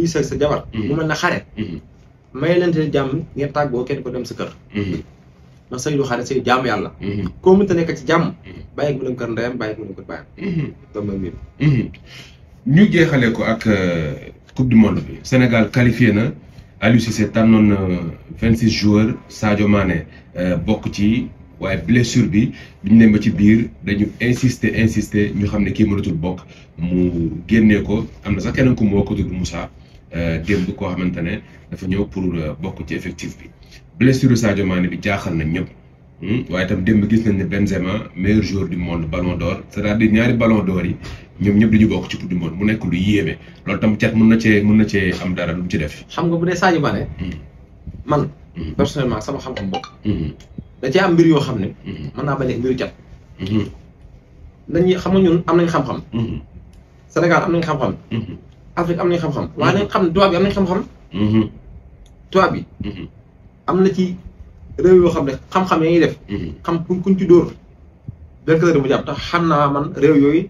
kuy sëy sa jabar mm-hmm. mu mel na xare mm-hmm. may leente jàmm ngeen tàggoo kenn ko dem sa kër mm-hmm. ndax sëy du xare sëy jàmm yàlla koo mënta nekk ci jàmm bàyyi mu dem kër ndeyam bàyyi mu ñu jeexale ko ak euh, coupe du monde bi Sénégal qualifié na Aliou Cissé tànnoon na vingt six joueurs euh, bokk ci waaye blessure bi biñ ba ci biir dañu insister insister ñu xam ne kii mënatul bokk mu génnee ko am na sax keneen ku moo ko tudd Moussa Euh, démb koo xamante ne dafa ñëw pour euh, bokk ci effectif bi blessure Sadio Mané bi jaaxal nañ ñëpp hmm? waaye itam démb gis nañ ne Benzema meilleur joueur du monde ballon d'or c'est-à-dire ñaari ballon d'or yi ñoom ñëpp dañu bokk ci coupe du monde mu nekk lu yéeme loolu tam cat mën na cee mën na cee am dara lu mu ci def. xam nga bu dee Sadio Mané. Hmm. man. Hmm. personnellement sama xam-xam bopp. da am mbir yoo xam ne. mën naa bañ a mbiru cat. dañuy xam nga ñun am nañ xam-xam. xam-xam. Afrique am nañ xam-xam. waaye nañ xam tubaab yi am xam-xam. Mm-hmm. tubaab mm-hmm. am na ci réew yoo xam ne xam-xam ya ñuy def. Mm-hmm. xam kuñ kuñ ci dóor. benn kër bu jàpp tax xam naa man réew yooyu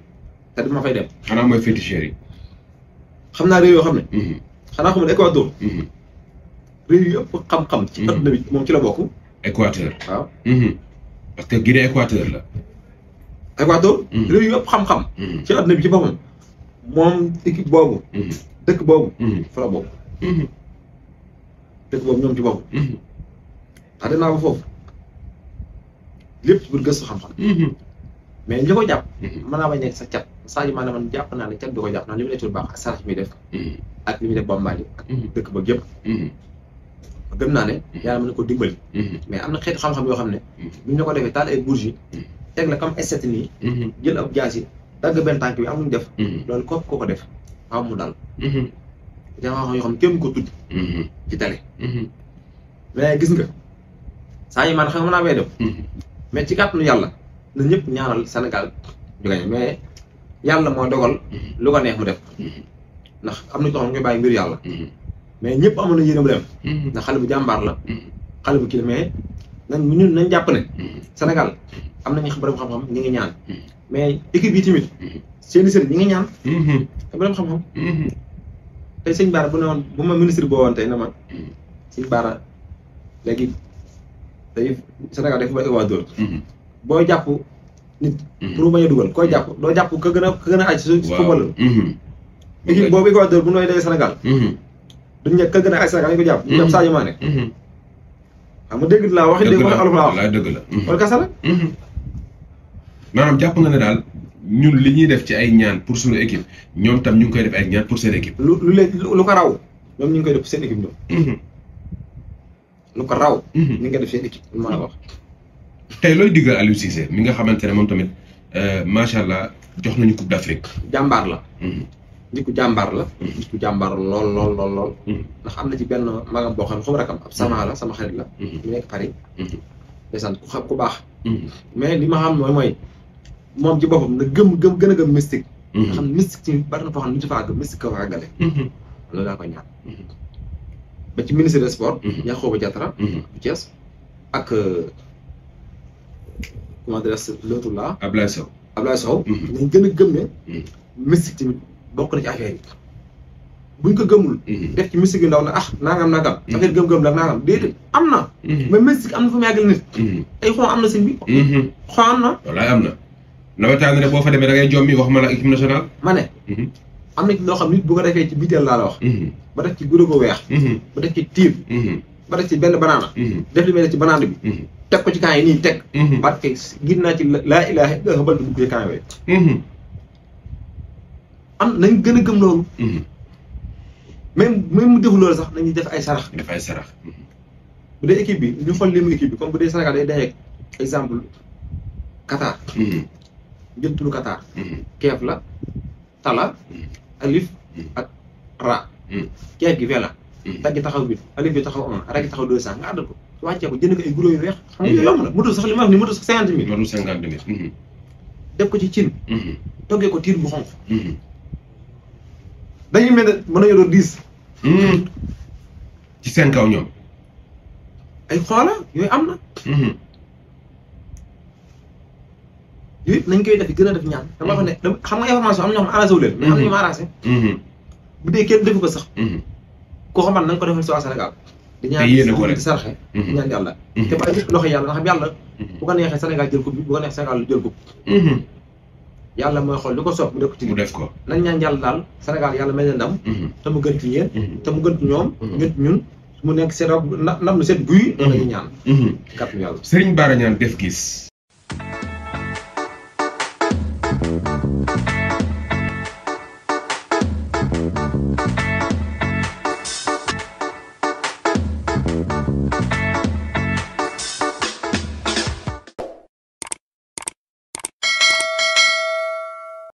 te dama fay dem. xanaa mooy féticheur xam naa réew yoo xam ne. xanaa xam ne Équateur. réew yi ëpp xam-xam. ci adduna bi moom ci la bokk. Équateur. waaw. parce que Guinée Équateur la. Équateur. réew yi ëpp xam-xam. ci adduna bi ci boppam. moom équipe boobu. Mhm. dëkk boobu. Mhm. fa la boobu. Mhm. dëkk boobu ñoom ci boobu. xate naa ba foofu lépp ci gëstu xam-xam. mais li ko jàpp. mën naa sa cat Sadio Mané man jàpp naa ne cat bi ko jàpp naa li mu nekk baax ak sarax mi def. ak li mu def bambali. ak dëkk ba yëpp. gëm naa ne. yàlla mën na ko dimbali. mais am na xeetu xam-xam yoo xam ne. bu ñu la ko defee taal ay bougie teg la comme esthète nii. jël ab jaas dagg benn tànk bi amuñ def. Mhm. loolu kooku ko def faaw mu dal. jamono mhm. yoo xam kenn ko tudd. Mhm. ci mais gis nga saa yi man xam mën naa koy def. mais ci kàttanu yàlla na ñëpp ñaanal Sénégal ñu gañe mais yàlla moo dogal. lu ko neex mu def. ndax am na toog ñu bàyyi mbir yàlla. mais ñëpp amoon a yéene bu dem. ndax xale bu jàmbaar la. xale bu kii la mais nañ ñun nañ jàpp ne. Sénégal am nañu borom xam-xam ñu ngi ñaan. mais équipe yi tamit. seeni sëriñ ñi ngi ñaan. Mm-hmm. te ba xam-xam. Mm-hmm. tey sëñ Baara bu ne woon bu ma ministre boo woon tey na ma. Mm-hmm. sëñ Baara léegi tey Sénégal dafa bëri Ecuador. boo jàpp nit. pour bañ a dugal koo jàpp doo jàpp ka gën a ka gën a aaj. waaw su football la. boobu Ecuador bu nooy dee Sénégal. duñ ne ka gën a aaj Sénégal ñu ko jàpp. ñu jàpp Sadio xam nga dëgg laa wax dëgg la wax dëgg la wax. wala kasa la. maanaam jàpp nga ne daal ñun li ñuy def ci ay ñaan pour suñu équipe ñoom tam ñu ngi koy def ay ñaan pour seen équipe. lu lu lu ko raw ñoom ñu ngi koy def seen équipe ñoom. Mhm. lu ko raw. ni mhm. ngi koy def seen équipe mën a wax. nga xamante ne moom tamit euh, macha allah jox nañu coupe d' Afrique. jàmbaar la. Mhm. nit ku jàmbaar la. nit ku jàmbaar lool lool lool ndax am na ci benn magam boo xam ne xaw ma ab sama la sama xarit la. mu nekk Paris. ndeysaan ku baax. mais li ma xam mooy mooy. moom ci boppam na gëm gëm gën a gëm mystique. Mhm. nga xam mystique ci bari foo xam ne ñu ko faa gale. loolu laa ko ñaan. Mhm. ba ci ministre des sports. Mhm. bu Thiès ak euh, comment dirais je l'autre là. Ablaye Sow Ablaye Sow. gëm ne. mystique tamit bokk na ci affaire buñ ko gëmul. def ci mystique ndaw na ah naagam naagam. affaire gëm-gëm la naagam déedéet am na. mais am na fu mu yàggal nit. ay xoo am na sëñ xoo am na. wallaay am na. nawetaan ne boo fa demee da ngay jommi wax ma équipe nationale. ma ne. Mhm. am na loo xam nit bu ko defee ci biteel laa la wax. Mhm. ba def ci guddogo weex. Mhm. ba def ci tiim. ba def ci benn banaana. def li may def ci banaana bi. teg ko ci kaa yi nii teg. parce que gis naa ci laa ilaaha illa xabal du dugg ci kaa yooyu. am nañ gën a gëm loolu. mais même mu def sax nañu def ay sarax. ay sarax. bu dee équipe bi ñu xool mu équipe bi comme bu dee Sénégal day dajeek jël turu Qatar. Mm-hmm. keef la tala. Mm-hmm. alif mm-hmm. ak ra. keef gi vela. dagg taxaw bi alif bi taxaw un ra taxaw deux cent nga àddal ko wàccee ko jënd ko ay guro yu weex. xam nga yomb la motul sax li ma wax nii motul sax cinquante mille. motul ko ci cin. toggee ko tiir bu xonq. dañuy mel ne mën nañoo doon dix. ci seen kaw ñoom. ay xoola yooyu am na. yooyu nañ koy def gën a def ñaan. Mm-hmm. dama ne xam nga information am na ñoo mm-hmm. mm-hmm. ko sax. koo xamante na nga ko defal si waa Sénégal. di ñaan di di sarxe di ñaan yàlla. te bàyyi ko neexee Sénégal jël ko bi bu ko mooy xool li ko soob mu def ko ci def ko nañ ñaan yàlla daal Sénégal yàlla may leen ndam te mu gën ci yéen te mu gën ci ñoom gën ñun mu nekk seen ndam lu set guy. dañuy ñaan kàttu yàlla Serigne Bara Niane def gis